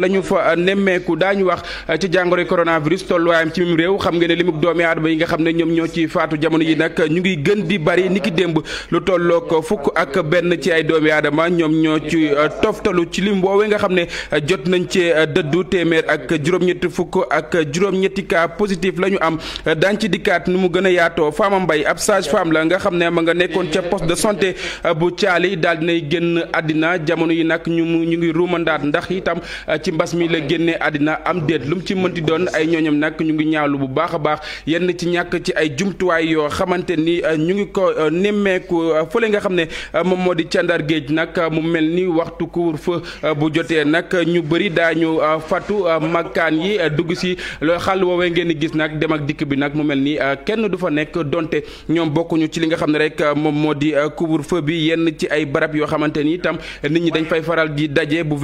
la ñu fa euh, nemmeeku daañu wax euh, ci jàngoro coronavirus tolluwaayam ci mim réew xam nga ne limub doomi aadama yi nga xam ne ñoom ñoo ci faatu jamono yi nag ñu ngi gën di bari niki démb lu tollook fukk ak benn ci ay doomi aadama ñoom ñoo ci euh, toftalu ci lim woowee nga xam ne jot nañ cee dëddu téeméer ak juróom-ñetti fukk ak juróom-ñetti cas positif la ñu am daan ci dikkaat nu mu gën a yaatoo Fama Mbaye ab sage-femme la nga xam ne ma nga nekkoon ca poste de santé bu Thiali daal dinay génn àddina jamono yi nag ñu ñu ngi ruumandaat ndax itam ci mbas mi la génnee àddina am déet lu mu ci mënti doon ay ñooñam nag ñu ngi ñaawlu bu baax a baax yenn ci ñàkk ci ay jumtuwaay yoo xamante ni euh, ñu ngi ko euh, nemmeeku euh, fële nga xam ne moom moo di ca Ndar géej nag mu mel ni waxtu couvre-feu bu jotee nag ñu bëri daañu fatu makkaan yi dugg si loo xàll woowee ngeen gis nag dem ak dikk bi nag mu mel ni kenn du fa nekk donte ñoom bokkuñu ci li nga xam ne rek moom moo di couvre-feu bi yenn ci ay barab yoo xamante ni itam nit ñi dañ fay faral di daje bu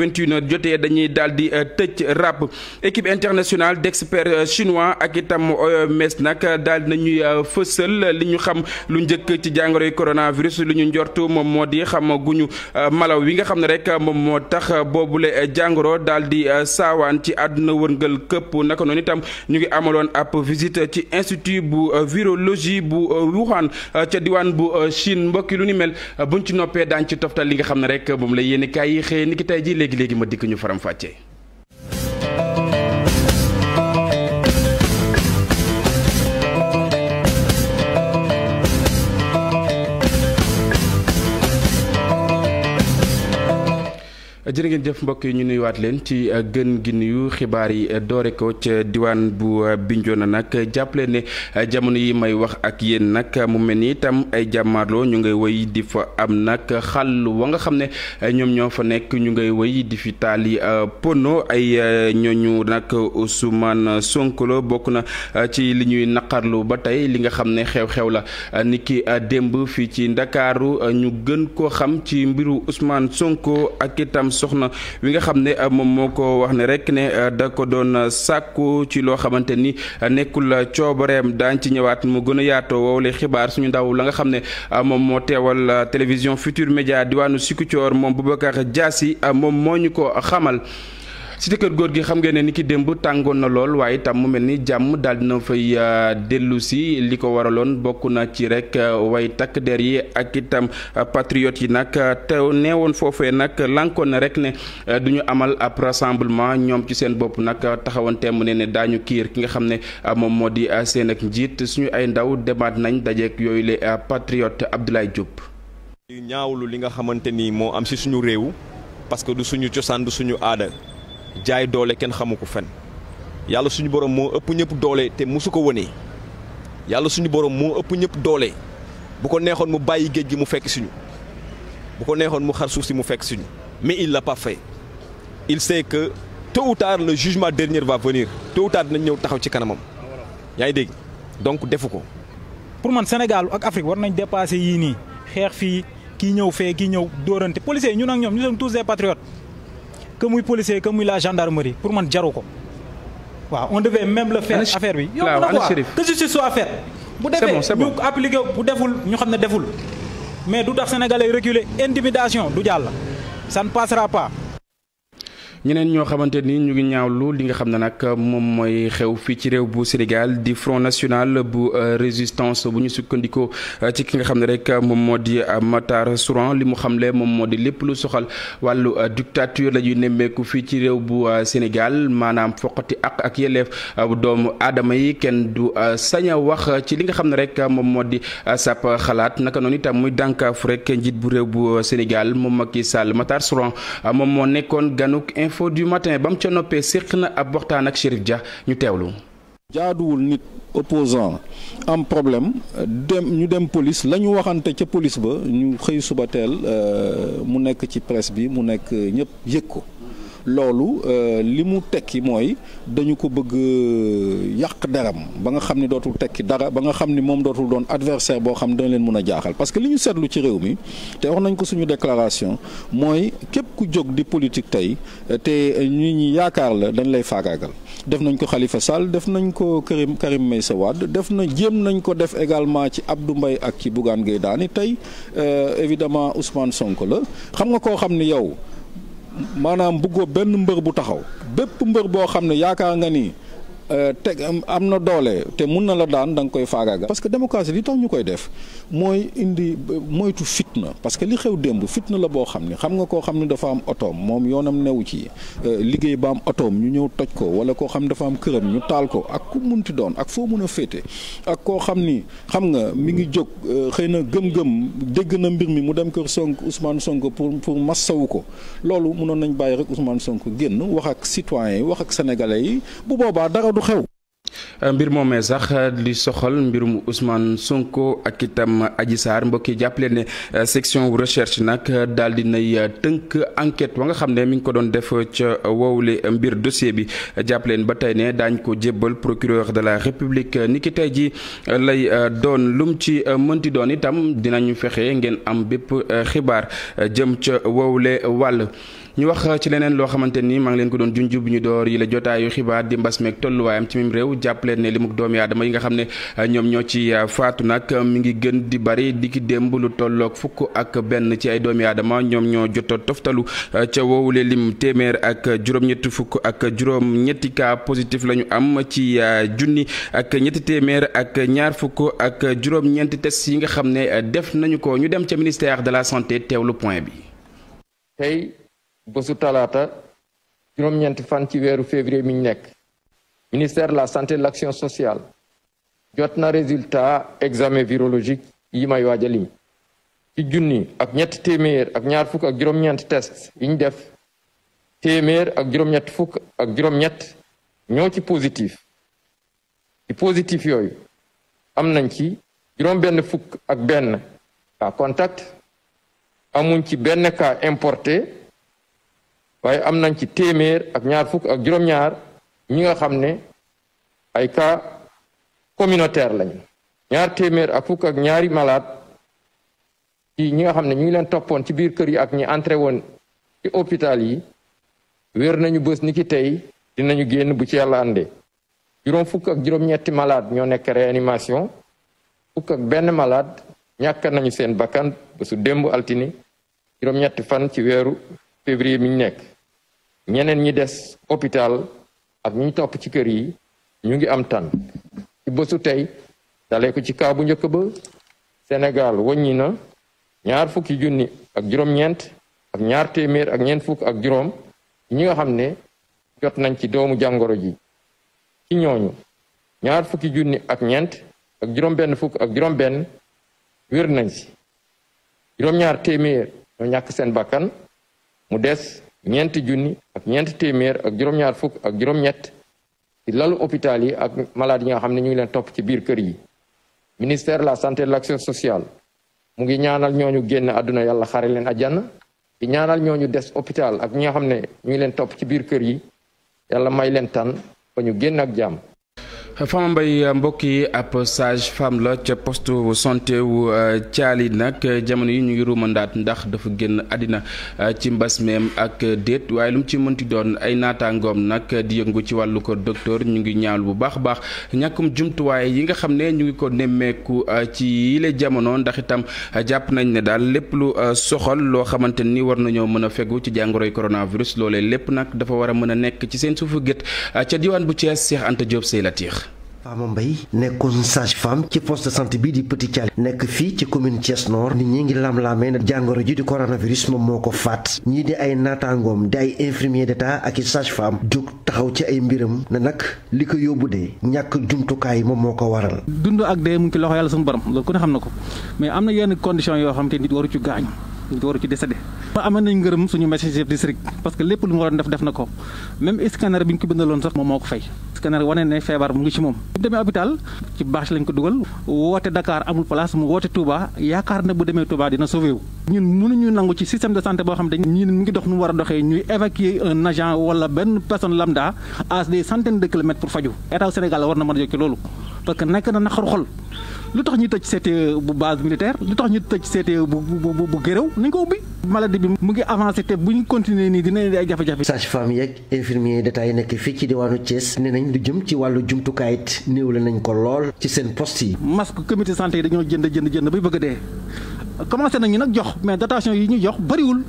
jotee dañuy daal di euh, tëj rap équipe internationale d'experts euh, chinois ak itam OMS euh, nag daal di nañuy fësal li ñu xam lu njëkk ci jàngoro jàngoroy coronavirus li ñu njort moom moo di xam guñu malaw wi nga xam ne rek moom moo tax boobule jàngoro daal di saawaan ci àdduna wërngal këpp naka noonu itam ñu ngi amaloon ab visite ci institut bu virologie bu Wuhan ca diwaan bu Chine mbokki lu ni mel buñ ci noppee daañ ci toftal li nga xam ne rek moom la yéen kaay yi xëy ni ki tey ji léegi-léegi ma dikk ñu faram fàccee jërë jëf mbokk yi ñu waat leen ci uh, gën gi nuyu xibaar yi uh, doore ko ca diwaan bu uh, Bignona nag jàppale ne jamono yi may wax ak yéen nag mu mel ni itam ay jàmmaarloo ñu ngay wëy di fa am nag xàll wa nga xam ne ñoom ñoo fa nekk ñu ngay wëy di fi taali pono ay ñooñu nag Ousmane Sonko bokk na ci li ñuy naqarlu ba tey li nga xam ne xew-xew la niki démb fii ci Ndakaaru ñu gën koo xam ci mbiru usmaan Sonko ak itam soxna wi nga xam ne euh, moom moo ko wax ne rek ne euh, da ko doon euh, sàkku ci loo xamante ni nekkul coobareem daan ci ñëwaat mu gën a yaatoo woowule xibaar suñu ndaw la nga xam ne moom moo teewal télévision Futur Média diwaanu Ziguinchor moom bu Boubacar Diassi moom moo ñu ko xamal cité kër góor gi xam ngeen ne ni ki démb tàngoon na lool waaye itam mu mel ni jàmm daal dina fay euh, dellu si li ko waraloon bokk na ci rek euh, way takk der yi ak itam euh, patriote yi nag te neewoon foofe nag lankoon na rek ne du ñu amal ab rassemblement ñoom ci seen bopp nag taxawoon temm ne ne daañu kiir ki nga xam ne moom moo di seen ak njiit suñu ay ndaw demaat nañ dajeek yooyu le patriote Abdoulaye Diop. ñaawlu li nga xamante ni moo am ci suñu réew parce que du suñu cosaan du suñu aada. jaay doole kenn xamu ko fen yàlla suñu borom moo ëpp ñëpp doole te mosu ko wonee yàlla suñu borom moo ëpp ñëpp doole bu ko neexoon mu bàyyi géej gi mu fekk suñu bu ko neexoon mu xar suuf si mu fekk suñu mais il l'a pas fait il sait que tôt ou tard le jugement dernier va venir tôt ñëw taxaw ci kanamam yaa ngi dégg donc defu ko. pour man Sénégal ak Afrique war nañ dépasser yii nii xeex fii kii ñëw fee kii ñëw dóorante policiers yi ñun ak ñoom ñu sommes tous que muy policier que muy la gendarmerie pour man jaru ko waaw on devait même le faire affaire bi yow na quoi que justice soit faite bu defee ñu appliqué bu deful ñu xam ne deful mais du tax sénégalais reculer intimidation du jàll san ne passera pas ñeneen ñoo xamante ni ñu ngi ñaawlu li nga xam ne nag moom mooy xew fii ci réew bu Sénégal di Front National bu euh, résistance bu ñu sukkandikoo euh, ci ki nga xam ne rek moom moo di euh, Matar Souran li mu xamle moom moo di lépp lu soxal wàllu dictature la ñuy nemmeeku fii ci réew bu Sénégal maanaam foqati ak ak yelleef doomu aadama yi kenn du sañ a wax ci li nga xam ne rek moom moo di sap xalaat naka noonu itam muy dànkaafu rek njiit bu réew bu Sénégal moom Macky Sall Matar Souran moom moo nekkoon ganuk Infos du matin ba mu ca noppee séq na ab waxtaan ak Chérif Dia ñu teewlu. jaaduwul nit opposant am problème dem ñu dem police la ñu waxante ca police ba ñu xëy suba teel euh, mu nekk ci presse bi mu nekk ñëpp yëg ko. loolu euh, li mu tekki mooy dañu ko bëgg euh, yàq deram ba nga xam ni dootul tekki dara ba nga xam ni moom dootul doon adversaire boo xam dana leen mën a jaaxal parce que li ñu seetlu ci réew mi te wax nañ ko suñu déclaration mooy képp ku jóg di politique tey te ñu ñi yaakaar la dañ lay faagaagal def nañ ko xalifa Sall def nañ ko Karim Karim Meïssa Wade def na jéem nañ ko def également ci Abdou mbay ak ci Bougane Gueye Dany tey euh, évidement Ousmane Sonko la xam nga koo xam ni yow maanaam bëggoo benn mbër bu taxaw bépp mbër boo xam ne yaakaar nga ni. Euh, teg am na doole te mun na la daan da koy faagaaga parce que démocratie li tax ñu koy def mooy indi moytu fitna parce que li xew démb fitna la boo xam ni xam nga koo xam ne dafa am otoom moom yoonam newu ci euh, liggéey ba am otoom ñu ñëw toj ko wala koo xam ne dafa am këram ñu taal ko ak ku munti doon ak foo mun a féete ak koo xam ni xam nga mi ngi jóg euh, xëy na gëm-gëm dégg na mbir mi mu dem kër Sonko Ousmane sonk pour pour massawu ko loolu mënoon nañ bàyyi rek Ousmane Sonko génn wax ak citoyens yi wax ak sénégalais yi du xew. Euh, mbir moomee sax euh, di soxal mbirum Ousmane Sonko ak itam Adji Sarr mbokk jàppale ne euh, section recherche nag daal di nay tënk enquête wa nga xam ne mi ngi ko doon def ca woowule mbir dossier bi jàppaleen ba tey ne daañ ko jébbal procureur de la république ni tey ji lay doon lum ci mënti doon itam dinañu fexe ngeen am bépp xibaar jëm ca woowule wàll. ñu wax ci leneen loo xamante ni maa ngi leen ko doon junj bu ñu door yi la jotaayu xibaar di mbas meeg tolluwaayam ci mim réew jàppaleen ne li doomi aadama yi nga xam ne euh, ñoom ñoo ci euh, faatu nag mi ngi gën di bari di ki démb lu tolloog fukk ak benn ci ay doomi aadama ñoom ñoo jota toftalu euh, ca woowule lim téeméer ak juróom-ñetti fukk ak juróom-ñetti cas positif la ñu am ci junni ak ñetti téeméer ak ñaar fukk ak juróom-ñeenti test yi nga xam ne def nañu ko ñu dem ca ministère de la santé teewlu point bi bésu talaata juróom-ñeenti fan ci weeru février mi nekk ministère de la santé et de l'action sociale jot na résultat examen virologique yi may waaj a lim ci junni ak ñetti téeméer ak ñaar fukk ak juróom-ñeenti test yi def téeméer ak juróom-ñett fukk ak juróom-ñett ñoo ci positif ci positif yooyu am nañ ci juróom-benn fukk ak benn cas contact amuñ ci benn ka importé waaye am nañ ci téeméer ak ñaar fukk ak juróom-ñaar ñi nga xam ne ay cas communautaire lañu ñaar téeméer ak fukk ak ñaari malade ci ñi nga xam ne ñu ngi leen toppoon ci biir kër yi ak ñi entré woon ci hôpital yi wéer nañu bés ni ki tey dinañu génn bu ci yàlla àndee juróom fukk ak juróom-ñetti malade ñoo nekk réanimation fukk ak benn malade ñàkk nañu seen bakkan bésu démb altini juróom-ñetti fan ci weeru février mi ñu nekk ñeneen ñi des hôpital ak ñi topp ci kër yi ñu ngi am tànn ci bésu tey dalee ko ci kaw bu njëkk ba Sénégal wàññi na ñaar fukki junni ak juróom-ñeent ak ñaar téeméer ak ñeent ak juróom ñi xam ne jot nañ ci doomu jàngoro ji ci ñaar fukki ñeent ak juróom-benn fukk ak juróom-benn wér nañ si juróom-ñaar téeméer ñoo ñàkk seen bakkan mu des ñeenti junni ak ñeenti téeméer ak juróom-ñaar fukk ak juróom-ñett ci lalu hôpital yi ak malade yi nga xam ne ñu ngi leen topp ci biir kër yi ministère la santé et de l'action sociale mu ngi ñaanal ñooñu génn àdduna yàlla xare leen àjjana di ñaanal ñooñu des hôpital ak ñi xam ne ñu ngi leen topp ci biir kër yi yàlla may leen tan ba ñu génn ak jàmm Fama Mbaye mbokk yi ab sage femme la ca poste santé wu euh, Thialy nag jamono yi ñu ngi ruumandaat ndax dafa génn àddina euh, ci mbas meem ak déet waaye lu mu ci mënti doon ay naataangoom nag di yëngu ci wàllu ko docteur ñu ngi ñaawlu bu baax a baax ñàkkum jumtuwaay yi nga xam ne ñu ngi ko nemmeeku euh, ci yile jamono ndax itam jàpp nañ ne daal lépp lu soxal loo xamante ni war nañoo mën a fegu ci jàngoro jàngoroy coronavirus loolee lépp nag dafa war a mën a nekk ci seen suufu gét ca diwaan bu Thiès Cheikh Anta Diop Sey Latir Pama Mbaye nekkoon sage ci poste de bii di Petit Thialy nekk fii ci commune Thiès Nord nit ñi ngi lam-laamee ne jàngoro ji di coronavirus moom moo ko faat ñii di ay naataangoom di ay infirmier d'état ak i sage-femme jóg taxaw ci ay mbiram ne nag li ko yóbbu de ñàkk jumtukaay moom moo ko waral. dund ak dee mu ngi ci loxo yàlla suñu borom loolu ku ne xam na ko mais am na yenn conditions yoo xam te nit waru ci gaañu. waru ci décédé ma amoon nañ ngërëm suñu médecin chef district parce que lépp lu mu waroon def def na ko même scanner bi ñu ko bindaloon sax moom moo ko fay scanner wane ne feebar mu ngi ci moom bu demee hôpital ci bâche lañ ko dugal woote Dakar amul place mu woote Touba yaakaar na bu demee Touba dina sauvé wu ñun mënuñu nangu ci système de santé boo xam ne ñun mu ngi dox nu mu a doxee ñuy évacuer un agent wala benn personne lambda à des centaines de kilomètres pour a jóg ci que nekk na lu tax ñu tëj CTE euh, bu base militaire lu tax ñu tëj CTE euh, bu bu bu gërëw nañ ko ubbi. maladie bi mu ngi avancé te bu ñu continuer nii dina indi ay jafe-jafe. sage-femme yeeg infirmier d'État yi nekk fii ci diwaanu Thiès nee nañ lu jëm ci wàllu jumtukaay it néewle nañ ko lool ci seen poste yi. masque comité santé yi dañoo jënd jënd jënd bay bëgg a dee commencé nañu nag jox mais dotation yi ñu jox bariwul.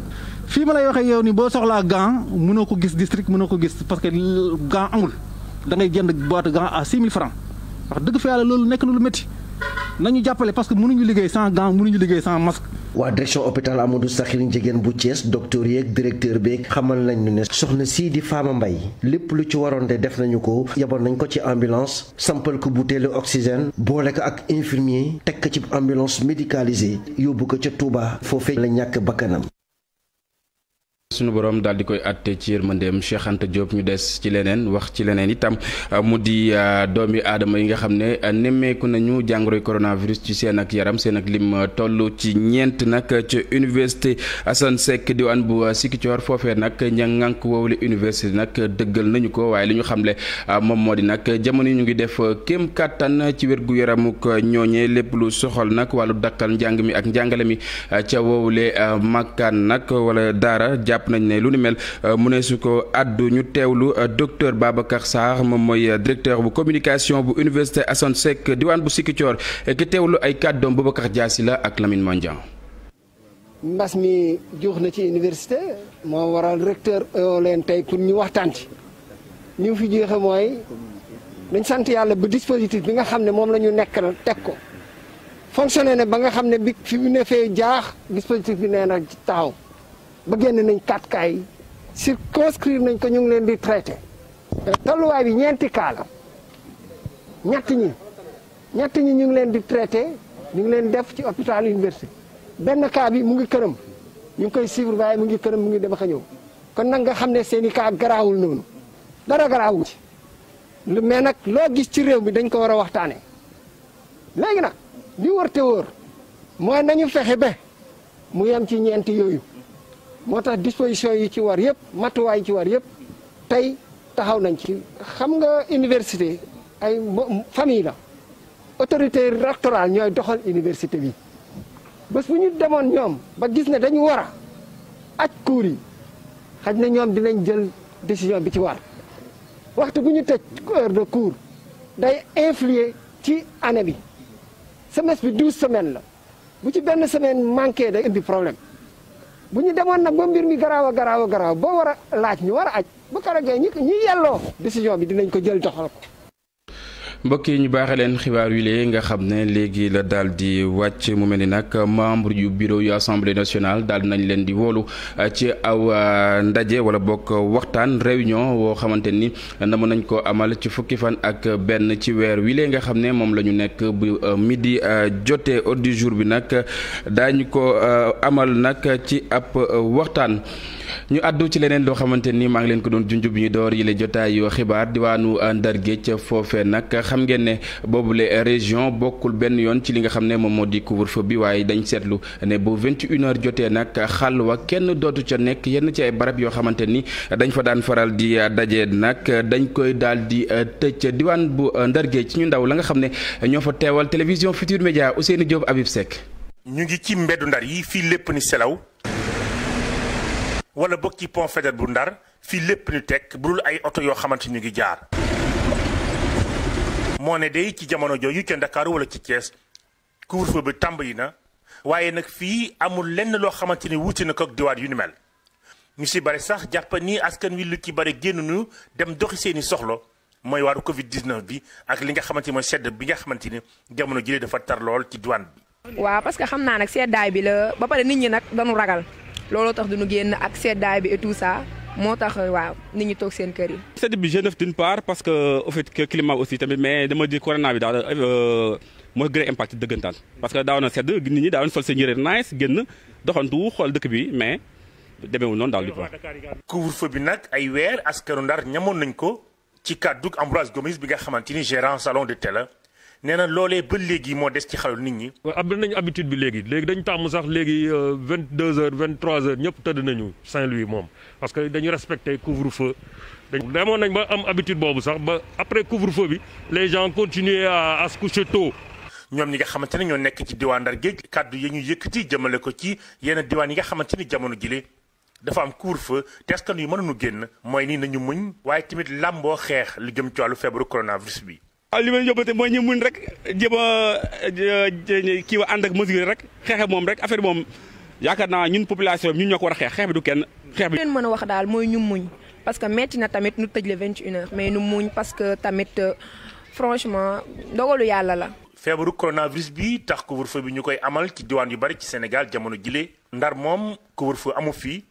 fii ma lay waxee yow ni boo soxlaa gant mënoo ko gis district mënoo ko gis parce que gant amul da ngay jënd boîte gant à 6000 francs na lu métti nañu jàppale parce que mënuñu liggéey sans gants mënuñu liggéey sans masque. waa direction hôpital Amadou Sakhir Ndiéguène bu Thiès docteur yeeg directeur beeg xamal nañu ne soxna sii di Fama mbay lépp lu ci waroon de def nañu ko yaboon nañ ko ci ambulance sampal ko butéelu oxygène boole ko ak infirmier teg ko ci ambulance médicalisée yóbbu ko ca Touba foofee la ñàkk bakkanam suñu borom daal di koy àtte ci yërmandeem Cheikh Anta Diop ñu des ci leneen wax ci leneen itam euh, mu di euh, doomi aadama yi nga xam ne euh, nemmeeku nañu jàngoroy coronavirus ci seen ak yaram seen ak lim toll ci ñeent nag ca université Assane Seck diwaan bu Sikicoor foofee nag ña ngànk woowule université nag dëggal nañu ko waaye li ñu xamle moom moo di nag jamono ñu ngi def kem kàttan ci wérgu yaramuk ñooñee lépp lu soxal nag wàllu dakkal njàng mi ak njàngale mi ca woowule makkaan jàpp nañ ne lu ni mel euh, mu ne su ko addu ñu teewlu euh, docteur Babacar saax moom mooy euh, directeur bu communication bu université Assane Seck diwaan bu Sikicoor ki teewlu ay kàddoom Babacar Diassi la ak Lamine Mandiang. mbas mi juux na ci université moo waral recteur oo leen tey pour ñu waxtaan ci ñu fi jeexee mooy dañ sant yàlla ba dispositif bi nga xam ne moom la ñu nekk teg ko fonctionné ne ba nga xam ne bi fi mu ne fee jaax dispositif bi nee na taxaw. ba génn nañ quatre cas yi circonscrire nañ ko ñu ngi leen di traité tolluwaay bi ñeenti cas la ñett ñi ñett ñi ñu ngi leen di traité ñu ngi leen def ci hôpital université benn cas bi mu ngi këram ñu ngi koy suivre waaye mu ngi këram mu ngi dem ak ñëw kon nag nga xam ne seeni i garaawul noonu dara garaawul ci lu mais nag loo gis ci réew mi dañ ko war a waxtaanee léegi nag li wër te wóor mooy nañu fexe ba mu yem ci ñeenti yooyu moo tax disposition yi ci war yëpp matuwaay yi ci war yëpp tey taxaw nañ ci xam nga université ay famille la autorité rectorale ñooy doxal université bi bés bu ñu demoon ñoom ba gis ne dañu war a aj cours yi xaj na ñoom dinañ jël décision bi ci war waxtu bu ñu tëj heure de cours day influer ci année bi semestre bi douze semaine la bu ci benn semaine manqué day indi problème bu ñu demoon nag ba mbir mi garaaw a garaaw a garaaw boo war a laaj ñu war a aj bu karagee ñi ñi yelloo décision bi dinañ ko jël doxal ko mbokk yi ñu baaxee leen xibaar yu lee nga xam ne léegi la daal di wàcc mu mel ni nag membre yu bureau yu assemblée nationale daal di leen di woolu uh, ci aw uh, ndaje wala bokk waxtaan réunion woo xamante ni na nañ ko amal ci fukki fan ak benn ci weer wi nga xam ne moom la ñu nekk bu uh, midi jotee ordre di jour bi nag daañu ko amal nag ci ab waxtaan. ñu àddu ci leneen loo xamante ni maa ngi leen ko doon junjub ñu door yi la jotaayu xibaar diwaanu euh, Ndar Géej foofee nag xam ngeen ne boobu boobule région bokkul benn yoon ci li nga xam ne moom moo di couvre-feu bi waaye dañ seetlu ne bu vingt heures jotee nag xàll wa kenn dootu ca nekk yenn ci ay barab yoo xamante ni dañ fa daan faral di euh, daje nag dañ koy daal di euh, tëj diwaan bu Ndar ci ñu ndaw la nga xam ne ñoo fa teewal télévision Futur Média u Diop Habib Seck. ñu ngi ndar yi fii lépp ni wala boog ci pont Faidherbe bu Ndar fii lépp ñu teg bu dul ay oto yoo xamante ñu ngi jaar. moo ne day ci jamono jooju ca Ndakaaru wala ci Thiès couvre-feu bi tàmbali na waaye nag fii amul lenn loo xamante ni wuute na ko diwaat yu ni mel. ñu si bari sax jàpp ni askan wi lu ci bari ñu dem doxi seeni soxla mooy waaru Covid 19 bi ak li nga xamante ni sedd bi nga xamante ni jamono jëlee dafa tar lool ci diwaan bi. waa parce que xam naa nag seddaay bi la ba pare nit ñi nag dañu ragal. looloo tax duñu génn ak seddaay bi et tout ça moo tax euh, waaw nit ñi toog seen kër yi. sedd bi Genève d'une part parce que au fait que climat aussi tamit mais dama di corona bi daal euh, moo gën a impact dëggantaan. parce que daaw na sedd nit ñi daawoon sol seen yére nice génn doxantu xool dëkk bi mais demeewul noonu daal li ba. couvre-feu bi nag ay weer askanu Ndar ñamoon nañ ko ci kàddug Ambroise Gomis bi nga xamante ni gérant salon de télé. nee na loolee ba léegi moo des ci xelu nit ñi. ab nañu habitude bi léegi léegi dañu tàmm sax léegi euh, vingt deux heures vingt trois heures ñëpp tëdd nañu Saint-Louis moom parce que dañu respecté couvre-feu. dañu demoon nañ ba am habitude boobu sax ba après couvre-feu bi les gens continuaient à à ñoom ñi nga xamante ne ñoo nekk ci diwaan Ndar géej kàddu yi ñu yëkkati jëmale ko ci yenn diwaan yi nga xamante ni jamono jile dafa am couvre-feu te askan wi mënuñu génn mooy nii nañu muñ waaye tamit làmboo xeex lu jëm ci feebaru coronavirus bi. waaw ah li may yóbbate mooy ñu mun rek jéem a kii wa ànd ak mesure rek xeexe moom rek affaire moom yaakaar naa ñun population bi ñoo ko war a xeex xeex bi du kenn xeex bi. leen mën a wax daal mooy ñu muñ parce que metti na tamit nu tëj le vingt et une heures mais nu muñ parce que tamit euh, franchement ndogalu yàlla la. feebaru coronavirus bi tax couvre-feu bi ñu koy amal ci diwaan yu bari ci Sénégal jamono jile. ndar moom couvre-feu amu fi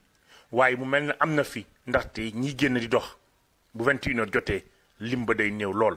waaye mu mel ne am na fi ndaxte ñi génn di dox bu vingt et une jotee lim ba day néew lool.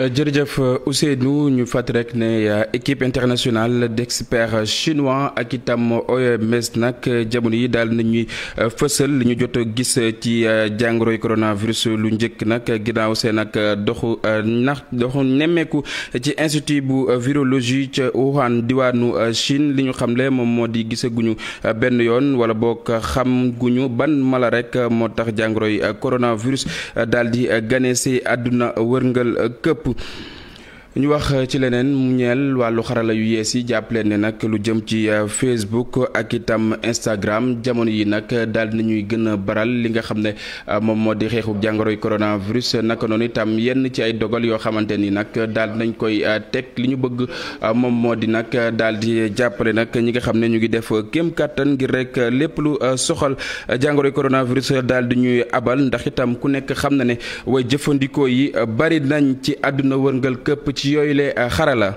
Euh, jërëjëf euh, Ousseynou ñu fàttali rek ne euh, équipe internationale d' experts chinois ak itam OMS nag jamono yi daal nañuy fësal li ñu jot a gis ci jàngoroy coronavirus lu njëkk nag ginnaaw seen ak doxu nax doxu nemmeeku ci institut bu virologie ca Wuhan diwaanu Chine li ñu xamle moom moo di gisaguñu benn yoon wala boog xam guñu ban mala rek moo tax jàngoroy coronavirus daal di gane si àdduna wërngal këpp. lépp ñu wax euh, ci leneen mu ñeel wàllu xarala yu yees yi jàpp leen ne nag lu jëm ci euh, Facebook ak itam Instagram jamono yi nag daal di nañuy gën a baral li nga xam ne euh, moom moo di xeexu jàngoro jàngoroy coronavirus naka noonu itam yenn ci ay dogal yoo xamante ni nag daal di koy teg li ñu bëgg moom moo di nag daal di jàppale nag ñi nga xam ne ñu ngi def kéem kàttan ngir rek lépp lu soxal jàngoro jàngoroy coronavirus daal di ñuy abal ndax itam ku nekk xam na ne way jëfandikoo yi bari nañ ci àdduna wërngal këpp. ci yooyu le eh, xarala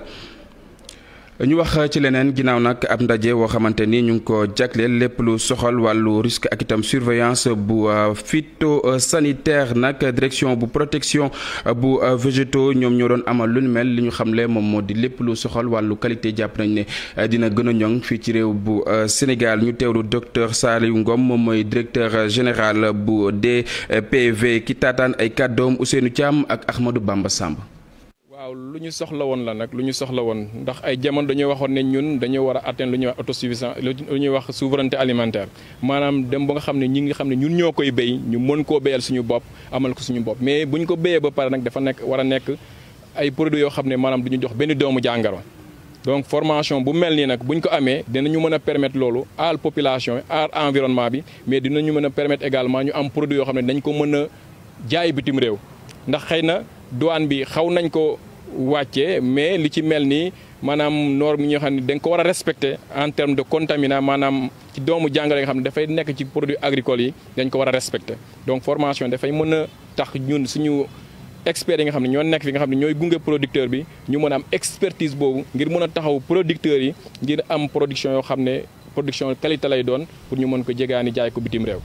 ñu wax ci leneen ginnaaw nag ab ndaje woo xamante ni ñu ngi ko jagleel lépp lu soxal wàllu risque ak itam surveillance bu eh, phytosanitaire nag direction bu protection eh, bu végétaux ñoom ñoo doon amal lu mel li ñu xamle moom moo di lépp lu soxal wàllu qualité jàpp nañ ne dina gën a ñoŋ fii ci réew bu Sénégal ñu teewlu docteur Saliou Ngom moom mooy directeur général bu DPV ki taataan ay kàddoom Ousseynou Thiam ak Ahmadou Bamba Samb. waaw lu ñu soxla woon la nag lu ñu soxla woon ndax ay jamono dañuy waxoon ne ñun dañoo war a atteindre lu ñuy wax autosuffisance lu ñuy wax souveraineté alimentaire maanaam dem ba nga xam ne ñi nga xam ne ñun ñoo koy béy ñu mën koo béyal suñu bopp amal ko suñu bopp mais bu ñu ko béyee ba pare nag dafa nekk war a nekk ay produits yoo xam ne maanaam du ñu jox benn doomu jàngaro donc formation bu mel nii nag bu ñu ko amee ñu mën a permettre loolu aar population aar bi mais dinañu mën a permettre également ñu am produit yoo xam ne dañ ko mën a jaay bitim réew ndax xëy na douane wàccee mais li ci mel ni maanaam norme yi nga xam ne dañ ko war a respecter en terme de contaminant maanaam ci doomu jàngale nga xam ne dafay nekk ci produit agricoles yi dañ ko war a respecter donc formation dafay mën a tax ñun suñu experts yi nga xam ne ñoo nekk fi nga xam ne ñooy gunge producteur bi ñu mën a am expertise boobu ngir mën a taxaw producteurs yi ngir am production yoo xam ne production qualité lay doon pour ñu mën ko jegaani jaay ko bitim réew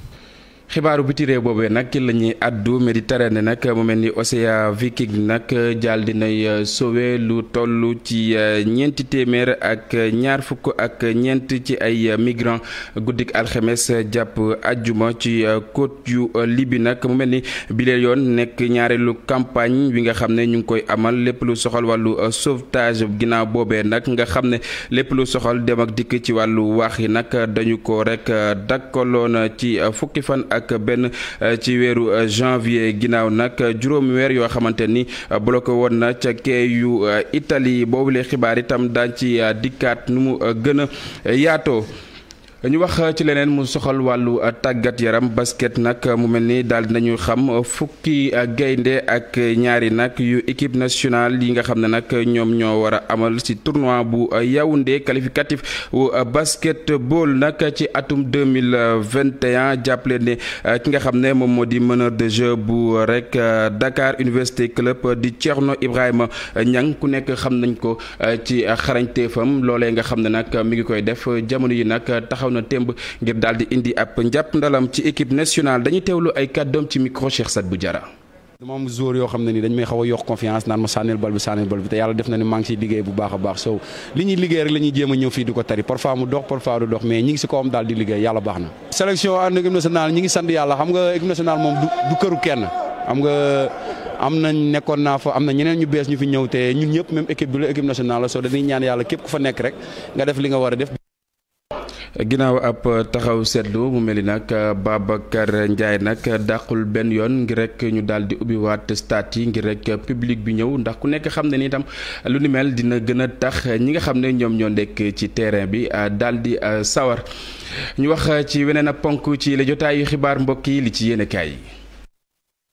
xibaaru biti réew boobee nag ki la ñuy addu Méditerranée nag mu mel ni Océan Viking nag jaal dinay euh, sowe lu toll ci euh, ñeenti téeméer ak ñaar fukk ak ñeent ci ay euh, migrants guddik alxemes jàpp ajjuma ci côte yu Libye nag mu mel ni bile yoon nekk ñaareelu campagne bi nga xam ne ñu ngi koy amal lépp lu soxal wàllu sauvetage ginnaaw boobee nag nga xam ne lépp lu soxal dem ak dikk ci wàllu wax yi nag dañu ko rek dakkaloon ci fukki fan ak ak benn euh, ci weeru euh, janvier ginnaaw nag euh, juróom weer yoo xamante ni bloqué woon na ca kee yu Italie boobu le xibaar itam daañ ci dikkaat nu mu gën a yaatoo ñu wax ci leneen mu soxal wàllu tàggat yaram basket nag mu mel ni daal nañu xam fukki gaynde ak ñaari nag yu équipe nationale yi nga xam ne nag ñoom ñoo war a amal si tournoi bu Yaoundé qualificatif wu bool nag ci atum 2021 jàppale ne euh, ki nga xam ne moom moo di meneur de jeu bu euh, rek euh, Dakar Université Club di Thierno Ibrahima Niang ku nekk xam nañ ko ci xarañteefam loolee nga xam ne nag mi ngi koy def jamono yi nag taxaw taxaw na témb ngir daal indi ab njàpp ndalam ci équipe nationale dañuy teewlu ay kàddoom ci micro Cheikh Sadibou Diarra. dama am yoo xam ne ni dañ may xaw a yokk confiance naan ma sànnil bal bi sànnil bal bi te yàlla def na ne maa liggéey bu baax a baax so li ñuy liggéey rek la ñuy ñëw fii di ko tari parfois mu dox parfois du dox mais ñi ngi si kawam daal di liggéey yàlla baax na. sélection ànd équipe nationale ñi ngi sant yàlla xam nga équipe ginnaaw ab taxaw seetlu mu mel ni nag Babacar Ndiaye nag dàqul benn yoon ngir rek ñu daal di ubbiwaat stade yi ngir rek public bi ñëw ndax ku nekk xam ne ni itam lu ni mel dina gën a tax ñi nga xam ne ñoom ñoo nekk ci terrain bi ah, daal di ah, sawar ñu wax ci weneen a ponk ci la jotaayu xibaar mbokk yi li ci yéene yi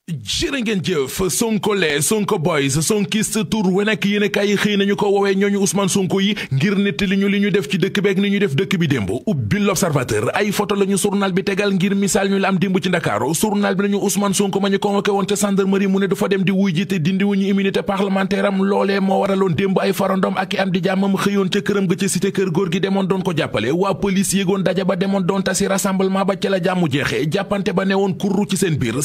jërë ngeen jëf sonko le sonko boys sonkiste tour we nag yéen a kaay yi xëy nañu ko ñoo ñooñu Ousmane Sonko yi ngir nettali ñu li ñu def ci dëkk beeg ni ñu def dëkk bi démb ubbi l'observateur ay photo la ñu journal bi tegal ngir misaal ñu la am démb ci Ndakaaru journal bi nañu Ousmane Sonko ma ñu convoqué woon ca gendarmerie mu ne du fa dem di wuy ji te dindi wuñu immunité parlementaire am loolee moo waraloon démb ay farandom ak i am di jàmmam xëyoon ca këram ga ca cité kër góor gi demoon doon ko jàppale waa police yéegoon ba demoon doon tasi rassemblement ba ca la jàmmu jeexee jàppante ba newoon kurru ci seen biir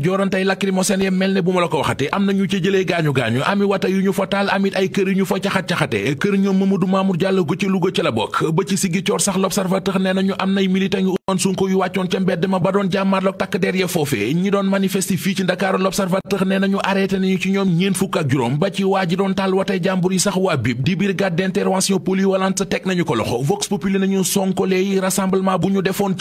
joorantey lacrymogène ya mel ne bu ma la ko waxate am na ñu ca jëlee gaañu-gaañu ami wata yu ñu fa taal amit ay kër yu ñu fa caxat-caxate kër ñoom Mamadou Mamour Diallo gu ci Louga ci la bokk ba ci siggi coor sax l'observateur nee nañu am nay militant yu Ousmane Sonko yu wàccoon ca mbedd ma ba doon jàmmaarloog takk der ya foofee ñi doon manifester fii ci Dakar l'observateur nee nañu arrêté nañu ci ñoom ñeen fukk ak juróom ba ci waa ji doon taal watay bu ñu defoon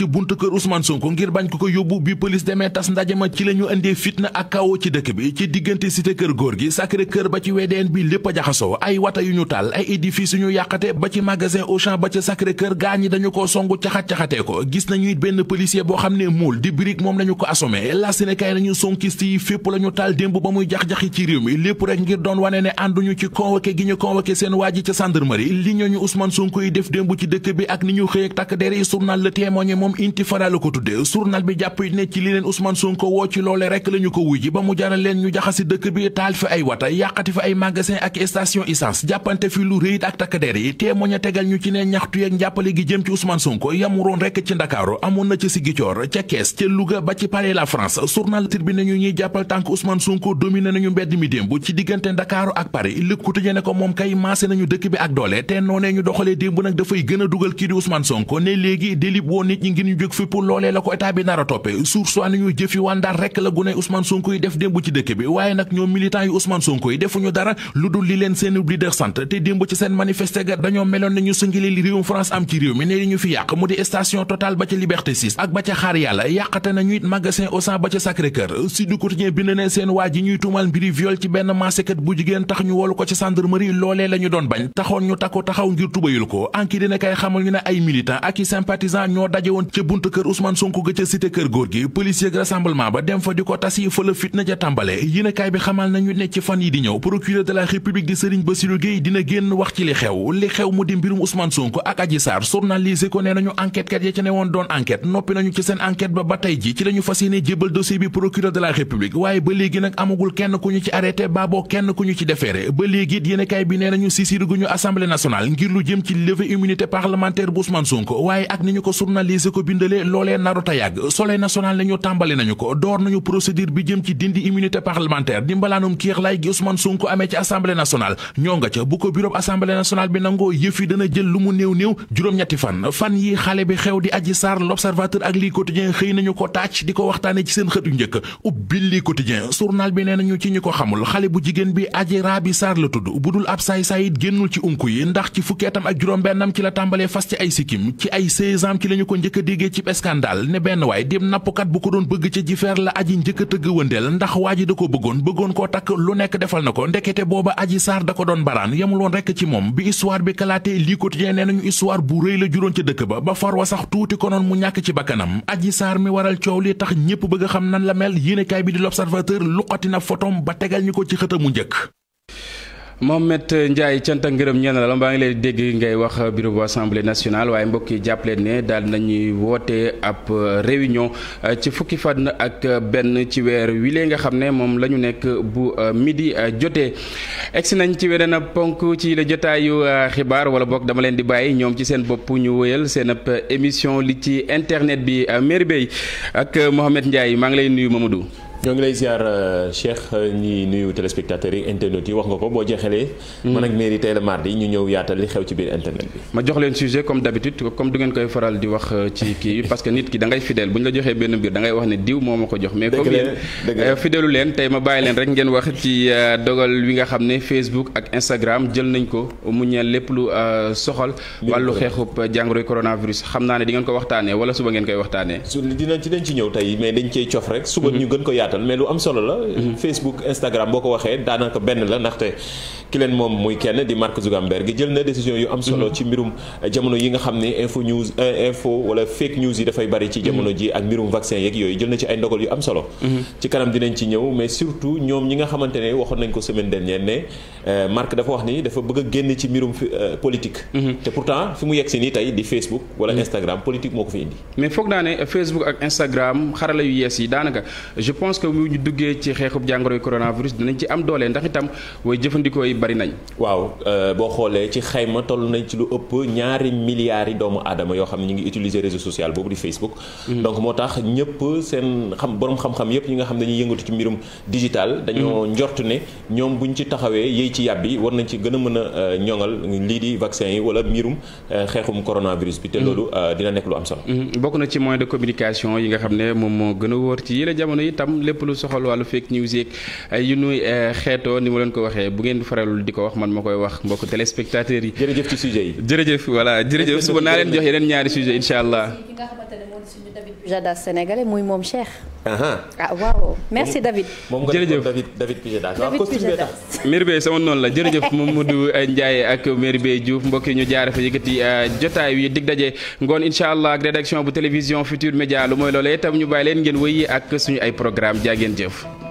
indee fitna ak kawo ci dëkk bi ci diggante cité kër góor gi sacré kër ba ci wedeen bi lépp jaxasoo ay wata yu ñu taal ay édifice yu ñu yàqate ba ci magasin Auchan ba ca sacré kër gaa ñi dañu ko songu caxat-caxatee ko gis nañu it benn policier boo xam ne muul di brique moom lañu ko assommé la Sénégal nañu sonkiste yi fépp la ñu taal démb ba muy jax-jaxi ci réew mi lépp rek ngir doon wane ne ànduñu ci convoqué gi ñu convoqué seen waa ji ca gendarmerie li ñooñu Ousmane Sonko yi def démb ci dëkk bi ak ni ñu xëy ak takk der yi journal Le Témoin moom intifada la ko tudde journal bi jàpp ne ci li leen Ousmane Sonko woo ci loole rek la ñu ko wujji ba mu jaral leen ñu jaxasi dëkk bi taal fi ay wata yàqati fi ay magasin ak station essence jàppante fi lu réyit ak takkadeer yi téemoñ a tegal ñu ci ne ñaxtu yeeg njàppale gi jëm ci Ousmane Sonko yamuroon rek ci Ndakaaru amoon na ci Sigicoor ca Kees ca Louga ba ci Palais la France journal bi nañu ñuy jàppal tànk Ousmane Sonko dominé nañu mbedd mi démb ci diggante Ndakaaru ak Paris lëkkutëje ne ko moom kay maase nañu dëkk bi ak doole te noonee ñu doxalee démb nag dafay gën a dugal kii di Ousmane a rek la gu ne Ousmane yi def démb ci dëkk bi waaye nag ñoom militant yi Ousmane Sonko yi defuñu dara lu dul li leen seen leader sant te démb ci seen manifester ga dañoo meloon ne ñu sëngile France am ci réew mi ne li ñu fi yàq mu di station Total ba ca Liberté 6 ak ba ca Xaar Yàlla yàqate nañu it magasin Auchan ba ca Sacré-Cœur Sud Quotidien bind ne seen waa ji ñuy tuumal mbiri viol ci benn maasekat bu jigéen tax ñu wolu ko ci gendarmerie fa di ko tas yi fa la fitna ja tàmbale yéenekaay bi xamal nañu ne ci fan yi di ñëw procureur de la république di Serigne Bassirou Gueye dina génn wax ci li xew li xew mu di mbirum Ousmane Sonko ak Adji Sarr journaliste ko nee nañu enquête kat ya ca ne woon doon enquête noppi nañu ci seen enquête ba ba tey ji ci lañu fas yéene jébal dossier bi procureur de la république waaye ba léegi nag amagul kenn ku ñu ci arrêté baaboo kenn ku ñu ci defeere ba léegi it yéenekaay bi nee nañu sisir gu ñu assemblée nationale ngir lu jëm ci lever immunité parlementaire bu Ousmane Sonko waaye ak ni ñu ko journaliste ko bindalee loolee naruta yàgg soleil national ne tàmbali nañu ko nañu procédure bi jëm ci dindi immunité parlementaire di mbalaanum kiir laay gi Ousmane amee ci assemblée nationale ñoo nga ca bu ko bureau assemblée nationale bi nangoo yëf dana jël lu mu néew néew juróom-ñetti fan fan yi xale bi xew di Adji Sarr l'observateur ak lii xëy nañu ko tàcc di ko waxtaane ci seen xëtu njëkk ubbi lii quotidien bi nee nañu ci ñu ko xamul xale bu jigéen bi Adji Rabi Sarr la tudd bu dul ab saay-saay génnul ci unku yi aji njëkk a tëgg wëndeel ndax waa ji da ko bëggoon bëggoon koo takk lu nekk defal na ko ndekete booba aji saar da ko doon baraan yamul woon rekk ci moom bi histoire bi kalaatee lii quotidien nee nañu histoire bu rëy la juróon ca dëkk ba ba far wa sax tuuti konoon mu ñàkk ci bakkanam aji saar mi waral coow li tax ñépp bëgg a xam nan la mel yéenekaay bi di l'observateur luqati na fotom ba tegal ñu ko ci xët mu njëkk Mohamed Ndiaye cant ak ngërëm ñeena la baa ngi lay dégg ngay wax bureau bu assemblée nationale waaye mbokk yi jàppale ne daal nañuy woote ab réunion euh, ci fukki fan ak benn ci weer wile nga xam ne moom la ñu nekk bu euh, midi euh, jotee. egsi nañ ci weneen ab ponk ci la jotaayu xibaar wala boog dama leen di bàyyi ñoom ci seen bopp ñu wëyal seen ab émission li ci internet bi Merveille ak Mohamed Ndiaye maa ngi lay nuyu Mamadou. ñoo lay ziar euh, Cheikh ñi nuyu wax nga ko boo jeexalee. Hmm. man ak mairie tey la mardi ñu ñëw yaatal ci biir internet bi. jox leen sujet comme d'habitude comme ngeen koy faral di euh, que nit ki da ngay fidèle bu ñu la euh, leen tey ma bàyyi leen rek ngeen wax ci dogal wi nga xam ne Facebook jël nañ ko mu ñeel lépp lu soxal. wàllu xeexub jàngoroy coronavirus xam naa ne di ngeen ko waxtaanee wala suba ngeen koy waxtaanee. su dinañ ci ñëw tey mais dañ cee cof rek suba hmm. ñu gën ko yaat yaatal mais lu am solo la. Mhm. Facebook Instagram boo ko waxee daanaka benn la ndaxte ki leen moom muy kenn di Mark Zuckerberg jël na décision yu am solo mhm. ci mbirum eh, jamono yi nga xam ni info news eh, info wala fake news yi dafay bari ci jamono mhm. ji ak mbirum vaccin yeeg yooyu jël na ci ay ndogal yu am solo. ci kanam dinañ ci ñëw mais surtout ñoom ñi nga xamante ne waxoon nañ ko semaine dernière ne eh, Mark dafa wax ni dafa bëgg a génn ci mbirum politique. te pourtant fi mu yegg si nii tey di Facebook wala Instagram politique moo ko fi indi. mais foog naa ne Facebook ak Instagram yu yees yi daanaka pense que bu ñu duggee ci xeexub jàngoroy coronavirus dinañ ci am doole ndax itam euh, nañ. ci lu ëpp ñaari milliards yi doomu aadama yoo xam ne ñu ngi utiliser réseau social boobu di Facebook. Mm-hmm. donc moo tax ñëpp seen xam borom xam-xam yëpp ñi nga xam ne dañuy yëngatu ci mbirum digital. dañoo mm-hmm. njort ne ñoom buñ ci taxawee yéy ci yàbbi war nañ ci gën a mën a euh, ñoŋal lii di vaccin yi wala mbirum euh, xeexum coronavirus bi. te mm-hmm. loolu dina nekk lu am solo. bokk na ci moyen de communication yi nga xam ne moom moo gën a wóor ci yële jamono itam lépp lu soxal wàllu fake news yu nuy eh, xeetoo ni ma leen ko waxee bu ngeen faralul di ko wax man ma koy wax mbokk téléspectateurs yi. jërëjëf ci yi. jërëjëf voilà jërëjëf suba naa leen jox yeneen ñaari sujet incha allah. muy moom Cheikh. ah waaw merci David. moom nga David David Pujada. Mère Beye sama noonu la jërëjëf mu Ndiaye ak Mère Beye Diouf mbokk yi ñu jaare fa yëkkati eh, jotaay wi dig daje ngoon incha allah ak rédaction bu télévision Futur Média lu mooy loolee itam ñu bàyyi leen ngeen wéy ak suñu ay programme jaa ngeen jëf